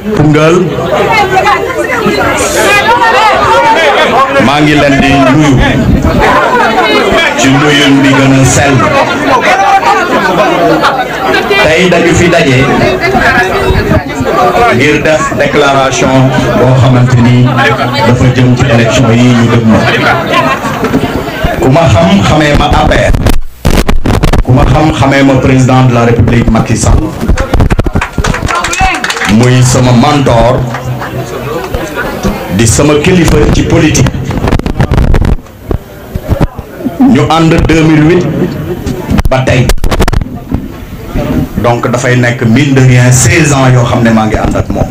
pundal maa ngi leen di nuyu ci nuyu bi gën a sell dañu fi daje ngir def déclaration bo xamante ni dafa jëm ci élection yi ñu dëgg kuma ku ma xam xamee ma APR kuma ma xam xamee ma président de la république Macky Sall muy sama mentor di sama kilifa ci politique ñu ànd 2008 ba tey donc dafay nekk mine de rien seize ans yoo xam ne maa ngi ànd ak moom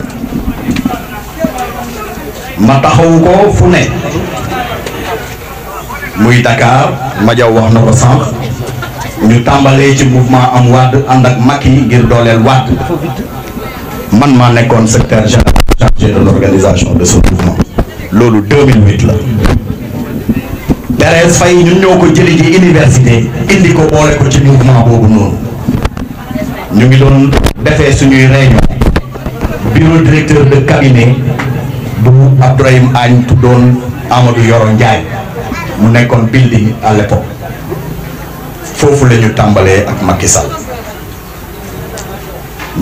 ma taxawu ko fu ne muy Dakar Madiaw wax na ko sànq ñu tàmbalee ci mouvement am Wade ànd ak Macky ngir dooleel Wade man maa nekkoon secteur général chargé de l'organisation de ce mouvement loolu 2008 la Thérèse Faye ñun ñoo ko jëli ji indi ko boole ko ci mouvement boobu noonu ñu ngi doon defee suñuy réunion bureau directeur de cabinet bu Abdourahim Agne tuddoon Amadou Yoro Ndiaye mu nekkoon building à l'époque foofu la ñu tàmbalee ak Macky Sall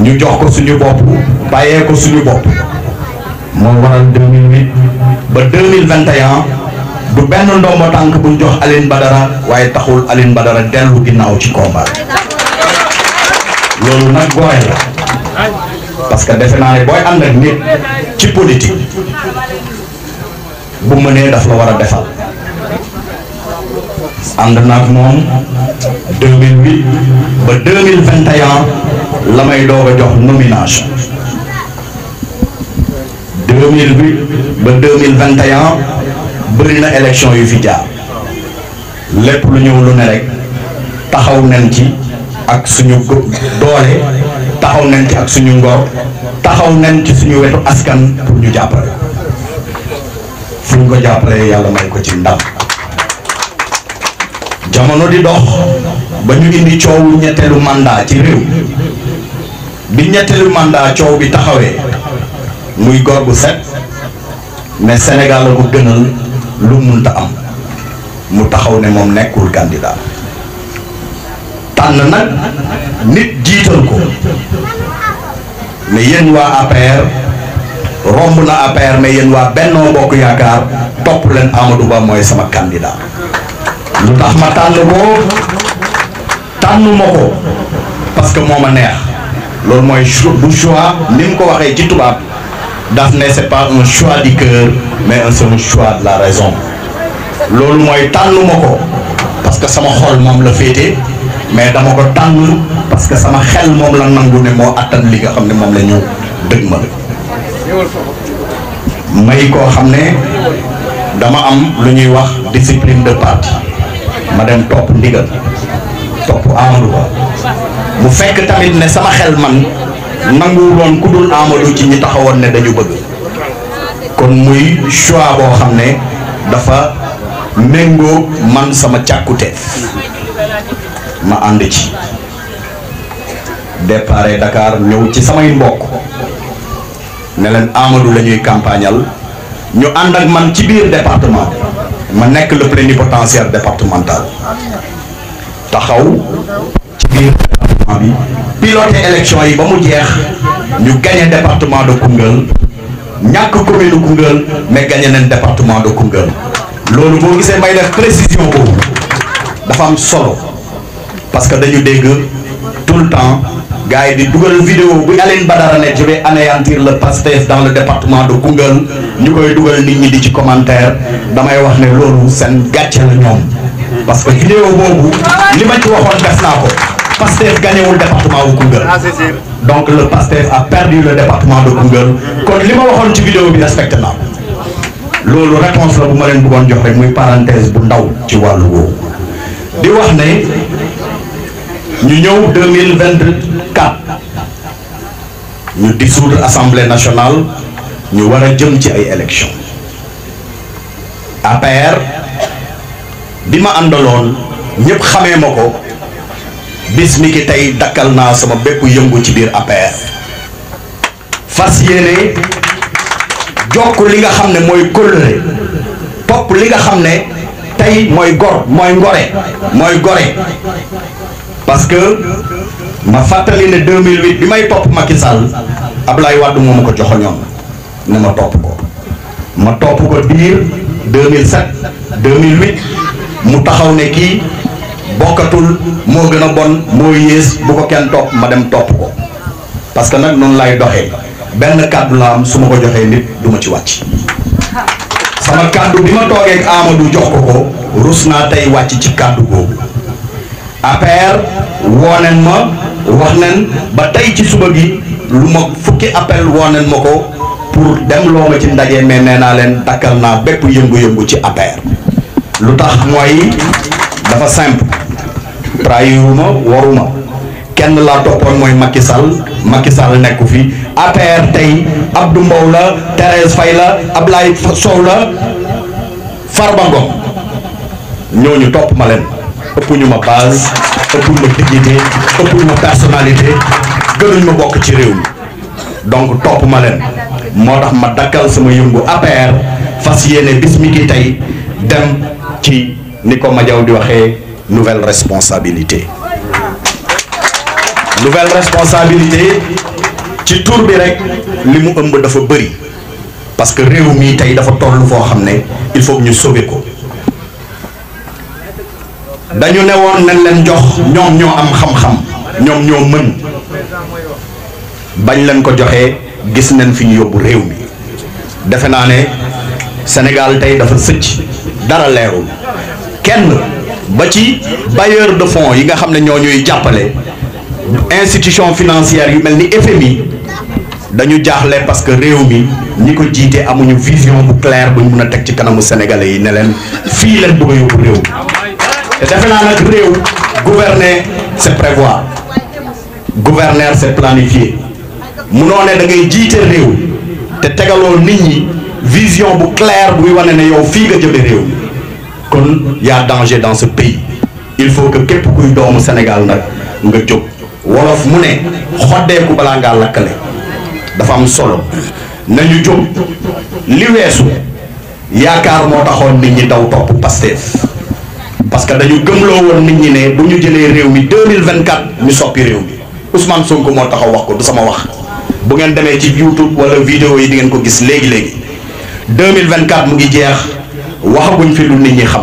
ñu jox ko suñu bopp bàyyee ko suñu bopp moo waral 2008 ba 2021 du benn ndombo tànk buñ jox Aline Badara waaye taxul Aline Badara dellu ginnaaw ci combat loolu nag gore la parce que defe naa ne booy ànd ak nit ci politique bu mënee daf la war a defal ànd naag moom 2008 ba 2021. la may doog a jox nomination deux ba deux mille vingt et un bëri na élection yu fi jaar lépp lu ñëw lu ne rek taxaw nañ ci ak suñu doole taxaw nañ ci ak suñu ngor taxaw nañ ci suñu wetu askan pour ñu jàppale fu ñu ko jàppalee yàlla may ko ci ndam jamono di dox ba ñu indi coowu ñetteelu mandat ci réew bi ñetteelu mandat coow bi taxawee muy góor bu set mais Sénégal la ko gënal lu munta am mu taxaw ne moom nekkul candidat tànn nag nit jiital ko ne yéen waa APR romb na APR mais yéen waa Bennoo Bokk Yaakaar topp leen Amadou Ba mooy sama candidat lu tax ma tànn ko tànn ma ko parce que moo neex Lors moi du choix même mu ko waxee ci tubaab daf ne c'est pas un choix du cœur mais un seul choix de la raison loolu mooy tànnuma ko parce que sama xol moom la fêter, mais dama ko tànn parce que sama xel moom la nangu ne moo attan li nga xam ne moom la ñu dëgg ma may koo xam dama am lu ñuy wax discipline de parti ma dem top ndigal top Amadou Ba bu fekk tamit ne sama xel man nangul won kudul Amadou ci ñi taxawon ne dañu bëgg kon muy choix bo xamne dafa mengo man sama ciakute ma and ci déparé Dakar ñew ci samay mbokk ne len Amadou lañuy ñuy campagnal ñu and ak man ci biir département ma nek le plénipotentiaire départemental taxaw ci biir piloté élection yi ba mu jeex ñu gagné département de Koungheul ñàkk commune de Koungheul mais gagné nañ département de Koungheul loolu boo gisee may def précision boobu dafa am solo parce que dañu dégg tout le temps gars yi di dugal vidéo bu Aline Badara ne je vais anéantir le Pastef dans le département de Koungheul ñu koy dugal nit ñi di ci commentaire damay wax ne loolu seen gàcce la ñoom parce que vidéo boobu li ma waxoon def naa ko. PASTEF gagnewul département bu Kougal ah, donc le pasteur a perdu le département de Koungheul kon li ma waxoon ci vidéo bi respecté naa loolu réponse la bu ma leen bëggoon jox rek muy parenthèse bu ndaw ci wàllu woowu di wax ne ñu ñëw 2024 ñu dissoudre assemblée nationale ñu war a jëm ci ay élection APR bi ma àndaloon ñëpp xamee bis mi ki tey dakkal naa sama bépp yëngu ci biir APR fas yéene jokk li nga xam ne mooy kóllëre topp li nga xam ne tey mooy gor mooy ngore mooy gore parce que ma fàttali ne 2008 bi may topp Macky Sall Ablaye Wade moo ma ko joxoñoon ne ma topp ko ma topp ko diir 2007 2008 mu taxaw ne kii bokatul mo gëna bon mo yees bu ko kenn top ma dem top ko parce que nak non lay doxé ben cadeau la am suma ko joxé nit duma ci wacc sama cadeau bima togué ak Amadou jox ko ko rus tay wacc wàcc ci kàddu boobu APR wonen ma wax nen ba tay ci suba gi lu fukki appel wonen mako ko pour dem lo ma ci ndaje mais nee len takal na bepp yëngu ci dafa simple trahiruma waruma kenn laa toppoon mooy Macky Sall nekku fi APR tey Abdou Mbow la Thérèse fay la Ablaye Sow la Farba ñooñu topp ma leen ëpp ñu ma base ëpp ñu ma dignité ëpp ñu ma personnalité gënuñ ma bokk ci réew mi donc topp ma leen moo tax ma dakkal sama yëngu APR fas yéene bis mi ki tey dem ci niko Madiaw di nouvelle responsabilité nouvelle responsabilité ci tour bi rek limu dafa parce que rew mi tay dafa il faut ñu sauver ko dañu ne nañ leen jox am xam-xam ñom ñoo mën bañ ko gis nañ fi ñu mi Sénégal tay dafa dara kenn ba ci bailleur de fonds yi nga xamné ne ñoo ñuy jàppale institution financière yu melni FMI dañu jaxlé parce que réew mi ñi ko amuñu vision bu claire buñ mëna tek ci kanamu sénégalais yi ne leen fii leen bëgg a yóbbu réew te defe naa nag réew gouverner c'est prévoir gouverner c'est planifier mënoné da ngay jité réew té tegaloo nit ñi vision bu claire buy wone né yow fi nga jëme réew kon y a danger dans ce pays il faut que kep kuy doomu senegal nak nga djok wolof mu ne xoddeeku bala nga lakkale dafa am solo nañu djok li wessu yaakaar mo taxone nit ñi daw top Pastef parce que dañu gëmloo won nit ñi ne bu ñu jëlee réew mi 2024 ñu soppi réew mi Ousmane Sonko mo taxaw wax ko du sama wax bu ngeen démé ci YouTube wala vidéo yi di ngeen ko gis légui légui 2024 mu ngi jeex waxaguñ fi lu nit ñi xam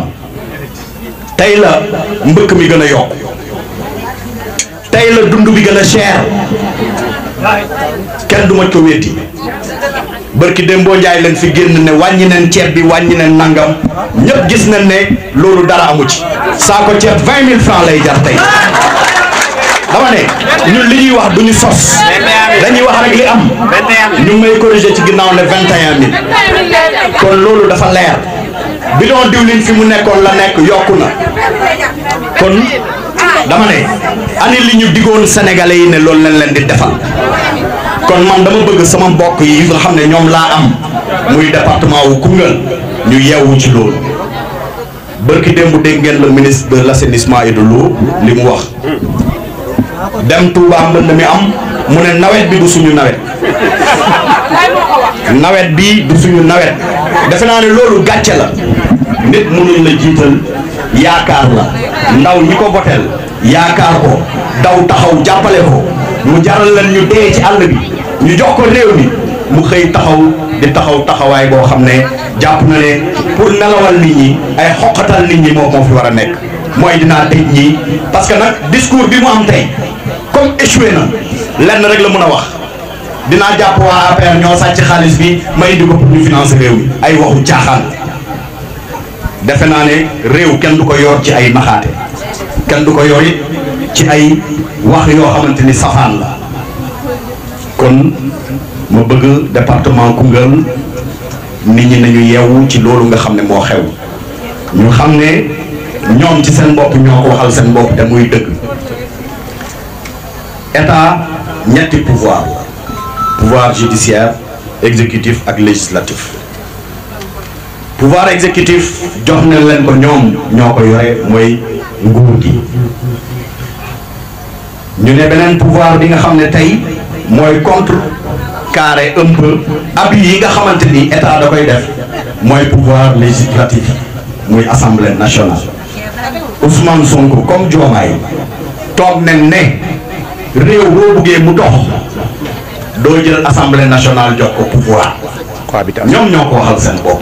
tey la mbëkk mi gën a yokk tey la dund bi gën a cher kenn du ma ko wéeti bërki dem boo njaay leen fi génn ne wàññi neen ceeb bi wàññi neen nangam ñépp gis nañ ne loolu dara amu ci saako ceeb vingt mille francs lay jar tey dama ne li ñuy wax duñu sos dañuy wax rek li am ñu may corriger ci ginnaaw ne vingt et un kon loolu dafa leer bidon diwlin fi mu nekkoon la nekk yokku na kon dama ne ani li ñu digoon sénégalais yi ne loolu lañ leen di defal kon man dama bëgg sama mbokk yi nga xam ne ñoom laa am muy département wu Koungheul ñu yeewu ci loolu bërki démb dégg ngeen le ministre de l'assainissement et de l'eau li mu wax dem Touba mbënd mi am mu ne nawet bi du suñu nawet nawet bi du suñu nawet defe naa ne loolu gàcce la nit mënuñ la jiital yaakaar la ndaw ñi ko boteel yaakaar ko daw taxaw jàppale ko mu jaral lan ñu dee ci àll bi ñu jox ko réew bi mu xëy taxaw di taxaw taxawaay boo xam ne jàpp na ne pour nelawal nit ñi ay xoqatal nit ñi moo moo fi war a nekk mooy dinaa tëj ñi parce que nag discours bi mu am tey comme échoué na lenn rek la mën a wax dinaa jàpp waa APR ñoo sàcc xaalis bi may indi ko pour ñu financer réew mi ay waxu caaxaan defe naa ne réew kenn du ko yoor ci ay naxaate kenn du ko yor it ci ay wax yoo xamante ni safaan la kon ma bëgg département Koungheul nit ñi nañu yeewu ci loolu nga xam ne moo xew ñu xam ne ñoom ci seen bopp ñoo ko waxal seen bopp te muy dëgg état ñetti pouvoir la pouvoir judiciaire exécutif ak législatif pouvoir exécutif jox na leen ko ñoom ñoo ko yore mooy nguur gi ñu ne beneen pouvoir bi nga xam ne tey mooy contre carré un peu abus yi nga xamante ni état da koy def mooy pouvoir législatif muy assemblée nationale Ousmane Sonko comme Diomaye toog nañ ne réew boo buggee mu dox doo jël assemblée nationale jox ko pouvoir ñoom ñoo ko waxal seen bopp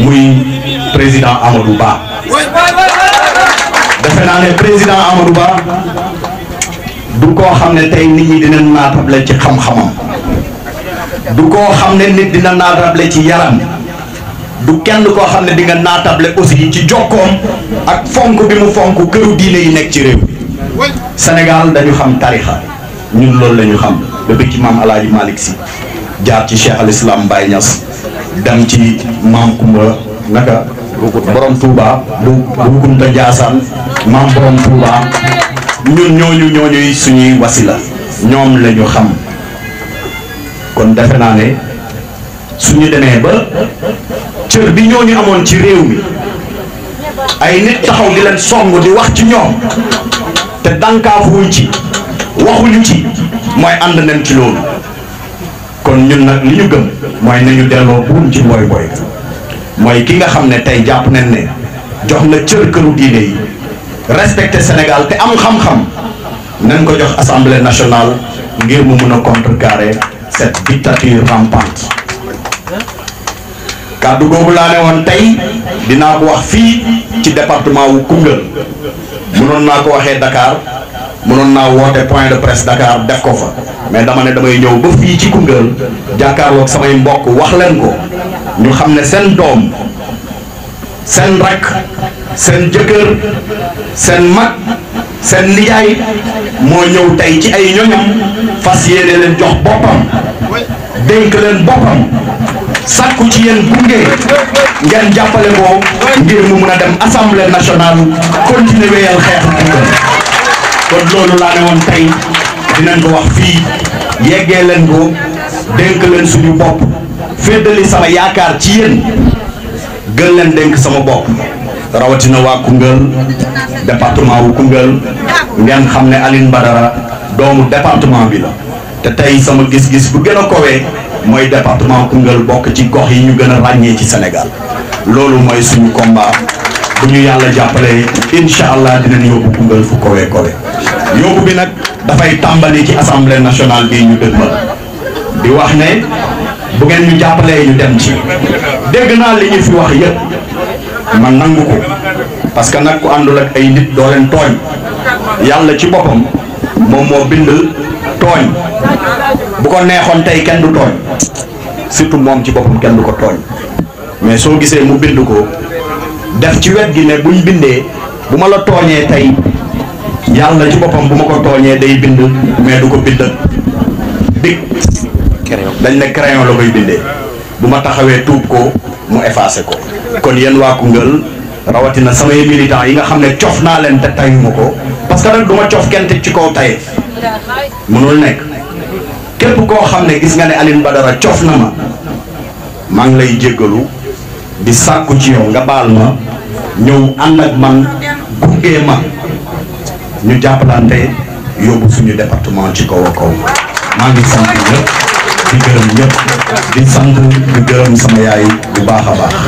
muy président amaru Ba defe naa ne président Amadou Ba du koo xam ne tey nit ñi dina naatable ci xam-xamam du koo xam ne nit dina naatable ci yaram du kenn koo xam ne di nga naatable aussi ci jokkoom ak fonk bi mu fonk këru diine yi nekk ci réew Sénégal dañu xam tarixa ñun loolu la ñu xam ba ci maam El Hadj Malick jaar ci Cheikh al Islam Baye Niass ci maam Kumba naka borom Touba bu bu Jaasaan maam borom Touba ñun ñooñu ñooñuy suñuy wasila ñoom la ñu xam kon defe naa ne suñu demee ba cër bi ñooñu amoon ci réew mi ay nit taxaw di leen song di wax ci ñoom te dànkaafuñ ci waxuñu ci mooy ànd nañ ci loolu kon ñun nak li ñu gëm moy nañu délo buum ci boy boy moy ki nga xam tay japp nañ ne jox na cër këru diiné yi respecté sénégal te am xam-xam nañ ko jox assemblée nationale ngir mu mëna contrecarrer cette dictature rampante kàddu googu la né won tay dina ko wax fi ci département wu kungal mënon na ko waxé dakar mënoon naa woote point de presse Dakar def ko fa mais dama ne damay ñëw ba fii ci Koungheul jàkkaarloog samay mbokk wax leen ko ñu xam ne seen doom seen rakk seen jëkkër seen mag seen nijaay moo ñëw tey ci ay ñoñam fas yéene leen jox boppam dénk leen boppam sàkku ci yéen gunge ngeen jàppale ko ngir mu mun a dem assemblée nationale continuer wéyal xeex Koungheul kon loolu laa ne woon tey dinañ ko wax fii yeggee leen ko dénk leen suñu bopp féddali sama yaakaar ci yéen gën leen dénk sama bopp rawatina waa Koungheul département wu Koungheul ngeen xam ne Alioune Badara doomu département bi la te tey sama gis-gis bu gën a kowee mooy département Koungheul bokk ci gox yi ñu gën a ràññee ci senegal loolu mooy suñu combat bu ñu yàlla jàppalee incha allah dinañ yóbbu Koungheul fu kowe kowe yóbbu bi nag dafay tàmbali ci assamble nationale bii ñu dëgmal di wax ne bu ngeen ñu jàppalee ñu dem ci dégg naa li ñu fi wax yëpp man nangu ko parce que nag ku àndul ak ay nit doo leen tooñ yàlla ci boppam moom moo bind tooñ bu ko neexoon tey kenn du tooñ surtout moom ci boppam kenn du ko tooñ mais soo gisee mu bind ko. def ci wet gi ne buñ bindee bu ma la tooñee tey yàlla ci boppam bu ma ko tooñee day bind mais du ko bindal dig dañ ne crayon la koy bindee bu ma taxawee tuub ko mu effacé ko kon yéen waa Koungheul rawatina samay militants yi nga xam ne cof naa leen te tayuma ko parce que duma du ma cof kenn teg ci kaw tay mënul nekk képp koo xam ne gis nga ne Alioune Badara cof na ma maa ngi lay jéggalu di sàkku ci yow nga baal ma ñëw ànd ak man gunge ma ñu jàppalante yóbbu suñu departement ci kaw a kaw maa ngi sant ñëpp di gërëm ñëpp di sant di gërëm sama yaay bu baax a baax.